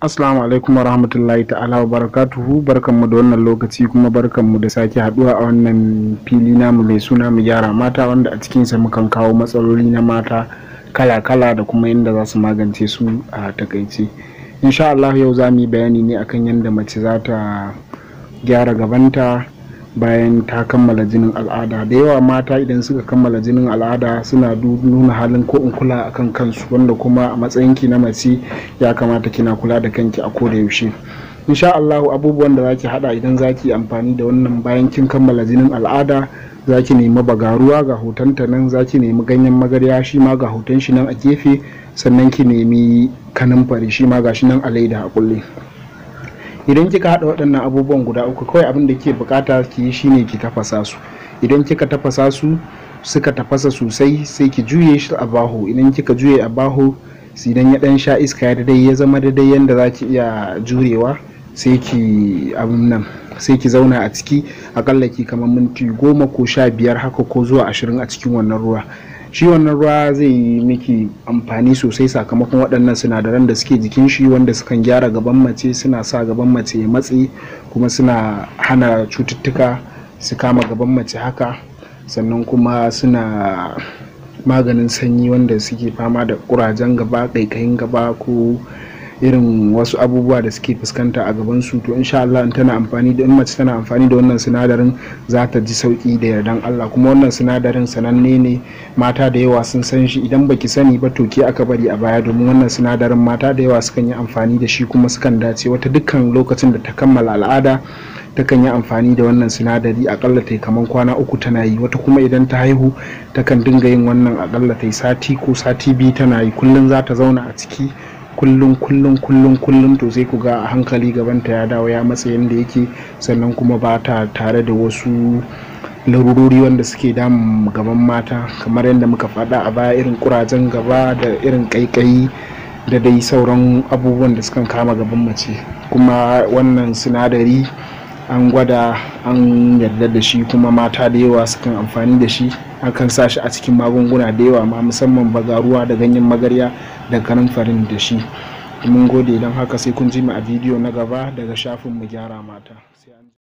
Assalamu alaikum wa rahmatullahi ta'ala wa barakatuhu barkanmu da wannan lokaci kuma barkanmu da sake haduwa a wannan fili namu mai suna mu gyara mata wanda a cikinsa mukan kawo matsaloli na mata kala-kala da kuma yadda za su magance su a takaice. Insha Allah yau za mu yi bayani ne akan yadda mace za ta gyara gabanta bayan ta kammala jinin al'ada da yawa mata idan suka kammala jinin al'ada suna nuna halin ko in kula akan kansu wanda kuma a matsayinki na mace ya kamata kina kula da kanki a koda yaushe insha Allah abubuwan da zaki hada idan zaki amfani da wannan bayan kin kammala jinin al'ada zaki nemi bagaruwa ga hotonta nan zaki nemi ganyen magarya shi ma ga hoton shi nan a gefe sannan ki nemi kanumfari shi ma gashi nan a leda a kulle idan kika haɗa waɗannan abubuwan guda uku kawai abin da ke bukata ki yi shine ki tafasa su idan kika tafasa su suka tafasa sosai sai ki juye shi a baho idan kika juye a baho idan ya dan sha iska ya dai ya zama daidai yadda za ki iya jurewa sai ki abin nan sai ki zauna a ciki akalla ki kamar minti goma ko sha biyar haka ko zuwa ashirin a cikin wannan ruwa shi wannan ruwa zai yi miki amfani sosai sakamakon waɗannan sinadaran da suke jikin shi wanda sukan gyara gaban mace suna sa gaban mace ya matsi kuma suna hana cututtuka su kama gaban mace haka sannan kuma suna maganin sanyi wanda suke fama da ƙurajen gaba ɗaiƙayin gaba ko irin wasu abubuwa da suke fuskanta a gaban su to insha Allah in tana amfani da in mace tana amfani da wannan sinadarin za ta ji sauki da yardan Allah kuma wannan sinadarin sananne ne mata da yawa sun san shi idan baki sani ba to ke aka bari a baya domin wannan sinadarin mata da yawa sukan yi amfani da shi kuma sukan dace wata dukkan lokacin da ta kammala al'ada takan yi amfani da wannan sinadari akalla ta kaman kwana uku tana yi wata kuma idan ta haihu takan dinga yin wannan akalla ta sati ko sati biyu tana yi kullum za ta zauna a ciki kullum kullum kullum kullum to sai ku ga a hankali gabanta ya dawo ya matsa yadda yake sannan kuma ba ta tare da wasu larurori wanda suke damun gaban mata kamar yadda muka faɗa a baya irin kurajen gaba da irin ƙaiƙayi da dai sauran abubuwan da sukan kama gaban mace kuma wannan sinadari an gwada an yarda da shi kuma mata da yawa sukan amfani da shi akan sa shi a cikin magunguna da yawa ma musamman ruwa da ganyen magarya da farin da shi mun gode don haka sai kun ji mu a bidiyo na gaba daga shafin mu gyara mata